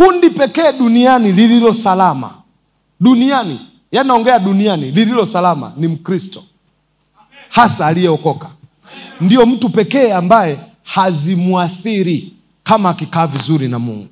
kundi pekee duniani lililo salama duniani yani naongea duniani lililo salama ni mkristo hasa aliyeokoka ndiyo mtu pekee ambaye hazimwathiri kama akikaa vizuri na mungu